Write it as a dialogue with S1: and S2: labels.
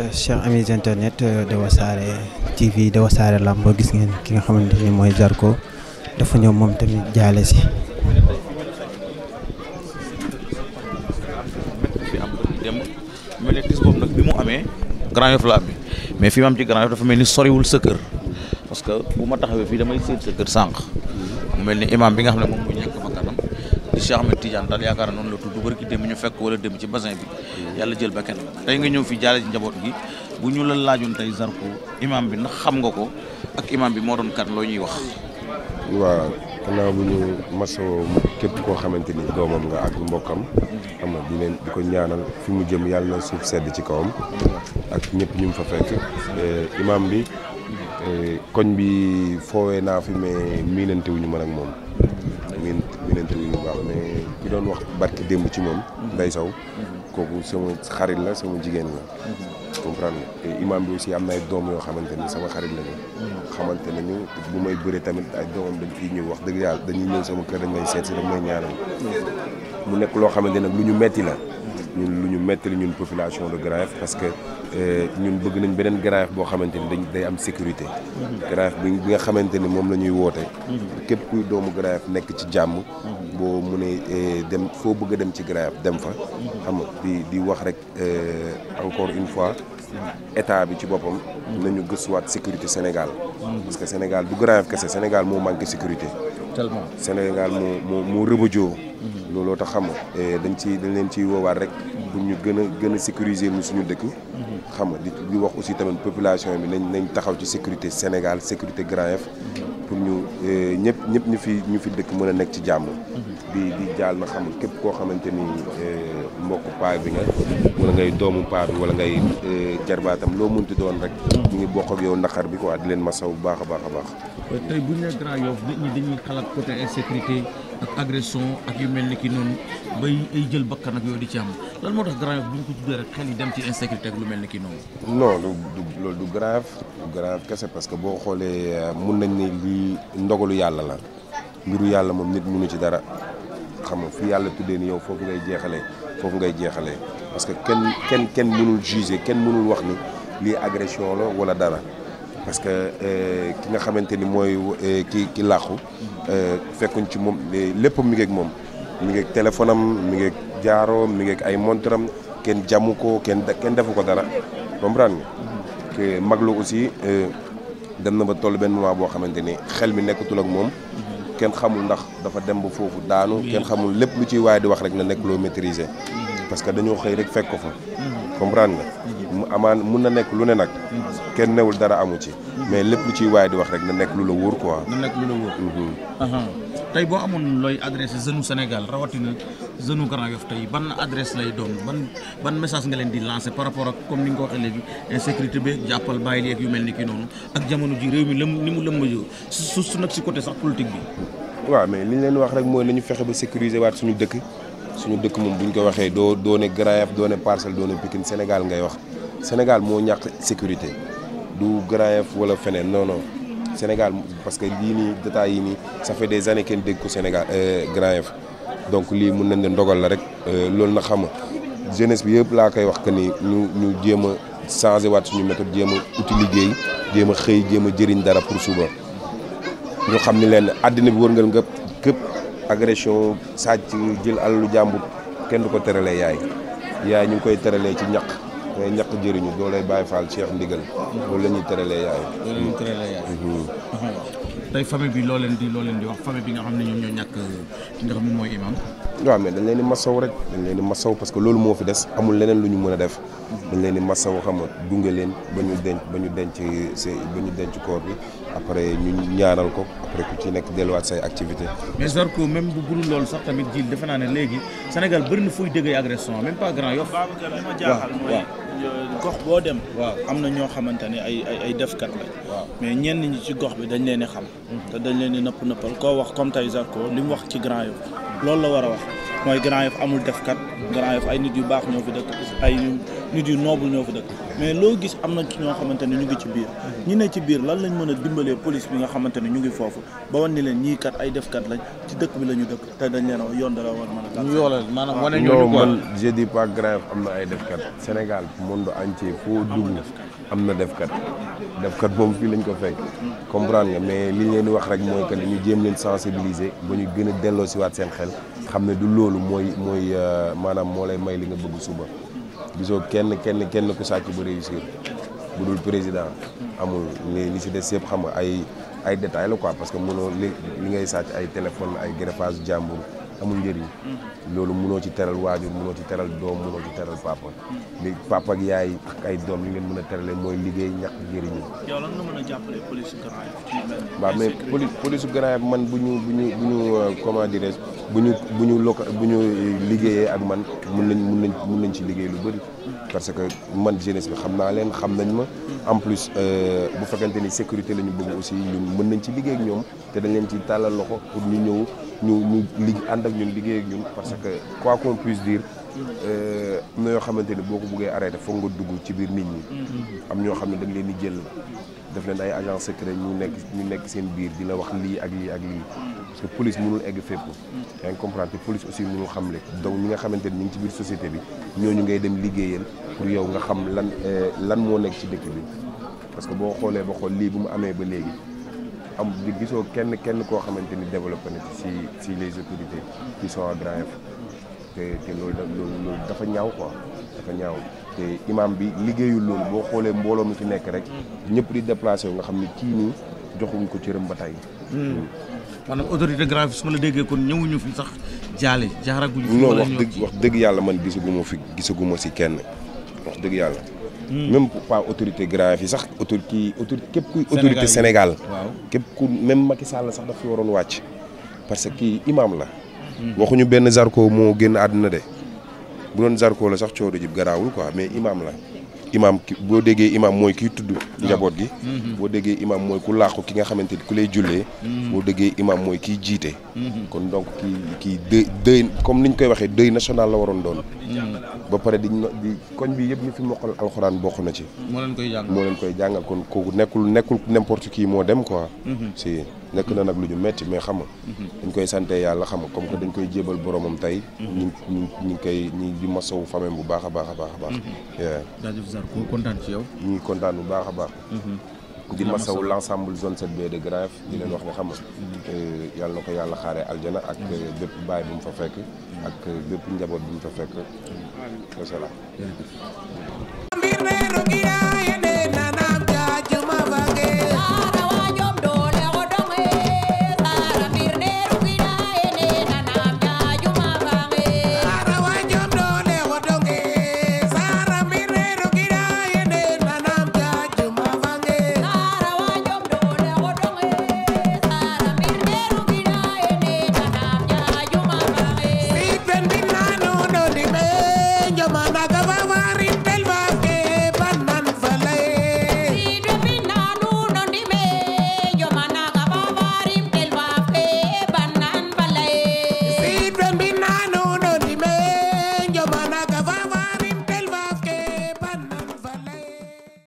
S1: acca chers amis internet euh, de Wassare TV de Wassare Lamb gis ngeen ki nga xamante ni mooy Zarko dafa ñëw moom tamit jaale si. mel ne tis boobu nag bi mu amee Grand Yoff la amee mais fi mu am ci Grand Yoff dafa mel ni soriwul sa kër parce que bu ma taxawee fii damay seet sa kër sànq. mu mel ni imam bi nga xam ne moom mooy ñàkk ba kanam di Cheikh Ahmed Tidiane daal yaakaar noonu la tudd. barki dem ñu fekk wala dem ci bassin bi yàlla jël ba kenn tey nga ñëw fi jaale ci njaboot gi bu ñu la laajoon tey Zarko imam bi ndax xam nga ko ak imam bi moo doon kan loo ñuy wax
S2: waaw xanaa bu ñu masoo képp koo xamante ni doomam nga ak mbokkam xam hmm. nga di leen di ko ñaanal fi mu jëm yàlla na suuf sedd ci kawam hmm. ak ñëpp ñu mu fa fekk eh, imam bi hmm. eh, koñ bi foowee naa fi mais miinante wuñu mën ak moom jël interview bu baax mais ki doon wax barki démb ci moom. Ndeye Sow. kooku sama xarit la sama jigéen la. comprendre nga te imam bi aussi am na ay doom yoo xamante ni sama xarit la xamante nañu bu may bëree tamit ay doomam dañ fiy ñëw wax dëgg yàlla dañuy ñëw sama kër dañ may seet si dañ may ñaanal. mu nekk loo xamante nag lu ñu metti la. ñun lu ñu mettali ñun population de Grand Yoff parce que euh, ñun bëgg nañ beneen Grand boo xamante ni dañ day am sécurité. Grand Yoff bi nga xamante ni moom la ñuy woote. képp kuy doomu Grand nekk ci jàmm. boo mënee euh, dem foo bëgg a dem ci Grand dem fa. xam nga di di wax rek euh, encore une fois. état bi ci boppam. nañu gëstuwaat sécurité Sénégal. parce que Sénégal du Grand kese Sénégal moo manqué sécurité. tellement Sénégal moo moo moo rëbëjoo. looloo tax xam nga eh, dañ ci dañ leen ciy woowaat rek pour ñu gën a gën a sécuriser ñu suñu dëkk xam nga di wax aussi tamit population bi nañ nañ taxaw ci sécurité Sénégal sécurité Grand yef pour ñu eh, ñëpp ñëpp ñu fi ñu fi dëkk mën a nekk ci jàmm di di jaal na xam képp koo xamante ni eh, mbokk paa bi nga wala ngay doomu paa bi wala ngay jarbaatam loo mun ti doon rek ñu ngi bokk ak yow naqar bi quoi di leen masaw bu baax a baax a
S1: baax ak agression ak yu mel ni ki noonu bay ay jël bakkan ak yooyu di ci am lan moo tax Grand Yoff bu ñu ko tuddee rek xel yi dem ci insécurité ak lu mel ni ki noonu.
S2: non du loolu du grave du grave kese parce que boo xoolee euh, mun nañ ne lii ndogalu yàlla la mbiru yàlla moom nit munu ci dara xam nga fi yàlla tuddee ni yow foofu ngay jeexalee foofu ngay jeexalee parce que kenn kenn kenn mënul juger kenn mënul wax ni lii agression la wala dara. parce que euh, ki nga xamante ni mooy euh, ki ki làqu euh, fekkuñ ci moom léppam mu ngeeg moom mu ngeeg téléphone am mi ngeeg jaaro mi ngeeg ay montaram kenn jàmmu ko kenn kenn defu ko dara comprendre nga mag la aussi dem na ba toll benn moment boo xamante ni xel mi nekkatul ak moom kenn xamul ndax dafa dem ba foofu daanu kenn xamul lépp lu ciy waaye di wax rek na nekk loo maîtriser parce que dañoo xëy rek fekk ko fa. comprendre nga. mu amaan mun na nekk lu ne nag. kenn newul dara amu ci. mais lépp lu ciy waaye di wax rek na nekk lu la wóor quoi. na nekk lu la wóor. Mhm.
S1: tey boo amoon looy adressé jeune Sénégal rawatina jeune Grand Yoff tey ban adresse lay doon ban ban message nga leen di lancé par rapport ak comme ni nga ko waxee léegi insécurité bi jàppal bàyyi léegi yu mel ni ki noonu ak jamono ji réew mi ni mu lëmb yow su nag si côté sax politique bi.
S2: waa mais li leen wax rek mooy nañu fexe ba sécuriser waat suñu dëkk. suñu dëkk moom bu ñu ko waxee doo doo ne Grand Yoff doo ne Parcelles doo ne Pikine Sénégal ngay wax Sénégal moo ñàkk sécurité du Grand Yoff wala feneen non Sénégal parce que lii nii détails yi nii ça fait des années kenn dégg ko Sénégal euh, Grand Yoff donc lii mun nañ leen ndogal la rek euh, loolu na xam jeunesse bi yëpp laa koy wax que ni ñu ñu jéem a changé waat suñu méthode jéem a uti liggéey jéem a xëy jéem a jëriñ dara pour suba ñu xam ni leen àddina bi wërngal nga képp. agression sàcc jël alalu jàmbur kenn du ko teralee yaay yaay ñu ngi koy teralee ci ñaq ngay ñaq jëriñu doo lay bàyyi faal Cheikh ndiggal loolu la ñuy teralee yaay. loolu la ñuy
S1: mhm. tey famille bi lool leen di loo leen di wax famille bi nga xam ne ñoom ñoo ñàkk ki nga xam ne
S2: mooy imam. waaw mais dañ leen di masaw rek dañ leen di masaw parce que loolu moo fi des amul leneen lu ñu mën a def dañ leen di masaw xam nga gunge leen ba ñu denc ba ñu denc ba ñu denc koor bi après ñu ñaanal ko après ku ci nekk delluwaat say activité
S1: mais Zarko même bu budul loolu sax tamit jil defe naa ne léegi Sénégal bëri na fuy déggee agression même pas Grand Yoff euh, gox boo dem. am na ñoo xamante ne ay ay ay defkat lañ. mais ñenn ñi ci gox bi dañ leen di xam. Mm-hmm. te dañ leen di nëpp nëppal koo wax comme tey Zarko li mu wax ci Grand Yoff loolu la war a wax mooy Grand Yoff amul defkat Grand Yoff ay nit yu baax ñoo fi dëkk ay nit yu noble ñoo fi dëkk mais loo gis am na ci ñoo xamante ne ñu ngi ci biir ñu ne ci biir lan lañ mën a dimbalee police bi nga xamante ne ñu ngi foofu ba wan ni leen ñii kat ay defkat lañ ci dëkk bi la ñu dëkk te dañ leen a yoon dara war mën a ñu yoolal maanaam wane ñu ko man
S2: je dis pas Grand Yoff am na ay defkat Sénégal monde entier foo dugg am na def kat def defkat moom fii lañ ko fekk comprendre nga mais li ñu leen di wax rek mooy que ñu jéem leen sensibiliser ba ñu gën a delloo si waat seen xel xam ne du loolu mooy mooy euh, maanaam moo lay may li nga bëgg suba gisoo kenn kenn kenn ku sàcc bu réussir bu dul président amul li li si des yëpp xam nga ay ay détails la quoi parce que mënoo li li ngay sàcc ay téléphone ay greffage jàmbur amul njëriñ loolu munoo ci teral waajur munoo ci teral doom munoo ci teral papa li papa ak yaay ay doom li ngeen mën a terale mooy liggéey ñàkk njëriñu yow lan nga waaw mais poli police man bu ñu bu ñu bu euh, comment dirais bu ñu bu ñu loka bu ñu liggéeyee ak man mun nañ mun nañ mun nañ ci liggéey lu bëri parce que man jeunesse bi xam naa leen xam nañ ma en plus euh, bu fekkante ni sécurité la ñu bëgg aussi ñun mën nañ ci liggéey ak ñoom te dañ leen ci tàllal loxo pour ñu ñëw ñu ñu li ànd ak ñun liggéey ak parce que quoi qu'on puisse dire euh, na yoo xamante ni boo ko buggee arrêté foog nga dugg ci biir nit ñi am ñoo xam ne dañ leen di jël def leen ay agent secret ñu nekk ñu nekk seen biir di la wax lii ak lii ak lii parce que police mënul egg fépp yaa ngi comprendre te police aussi mënul donc ñi nga xamante ni ñu ngi ci biir société bi ñooñu ngay dem liggéeyal pour yow nga xam lan euh, lan moo nekk ci dëkk bi parce que boo xoolee ba xool lii bu mu amee ba léegi am di gisoo kenn kenn koo xamante ni développé na ci si les autorités qui sont à Grand Yoff te te loolu dafa ñaaw ko dafa ñaaw te imam bi liggéeyul loolu boo xoolee mbooloo mi fi nekk rek ñëpp di déplacé wu nga xam ni kii nii joxuñ ko cëram ba tey hmm. Hmm.
S1: maanaam autorité Grand Yoff su ma la déggee kon ñëwuñu fi sax jaale jaaraguñu non wax dëgg
S2: wax dëgg yàlla man gisaguma fi gisaguma si kenn wax dëgg yàlla Mm. même pas autorité grand fi sax autorité autorité képp kuy autorité Sénégal képp ku même Macky Sall sax daf fi waroon wàcc parce que kii imam la mm. waxuñu benn Zarko moo génn àdduna de bu doon Zarko la sax coow du jib garaawul quoi mais imam la imaam ki boo déggee imaam mooy kiy tudd njaboot gi mm-hmm. boo déggee imaam mooy ku làqu ki nga xamante ni ku lay jullee mm-hmm. boo déggee imaam mooy kiy jiite mm-hmm. kon donc kii kii dëy dëy comme ni ñu koy waxee dëy national la waroon doon ba pare di di koñ bi yëpp ñu fi mokkal alxuraan bokk na ci moo leen koy jàngal kon kooku nekkul nekkul n'importe qui moo dem quoi si nekk na nag lu ñu metti mais xam nga mhm. dañ koy sante yàlla xam nga comme que dañ koy jébal boromam tey mhm. ñu ñu ngi koy ñi di masawu famem bu baax a baax a baax a baax mhm. jaajëf Zarko kontaan ci yow ñu kontaan bu baax a baax di masawu l' ensemble zone 7B de Grand Yoff di leen wax ne xam nga euh, yàlla na ko yàlla xaaree aljana ak euh, bépp baay bu mu fa fekk ak euh, bépp njaboot bu mu fa fekk wasalaam